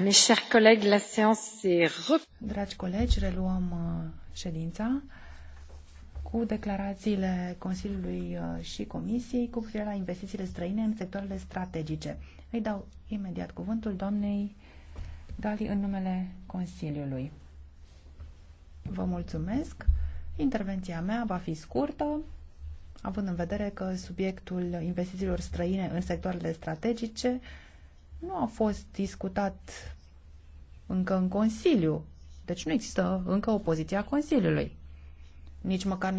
Mes chers collègues, la séance est Dragi colegi, reluăm uh, ședința cu declarațiile Consiliului uh, și Comisiei cu privire la investițiile străine în sectoarele strategice. Îi dau imediat cuvântul doamnei Dali în numele Consiliului. Vă mulțumesc. Intervenția mea va fi scurtă, având în vedere că subiectul investițiilor străine în sectoarele strategice nu a fost discutat încă în Consiliu. Deci nu există încă o poziție a Consiliului. Nici măcar nu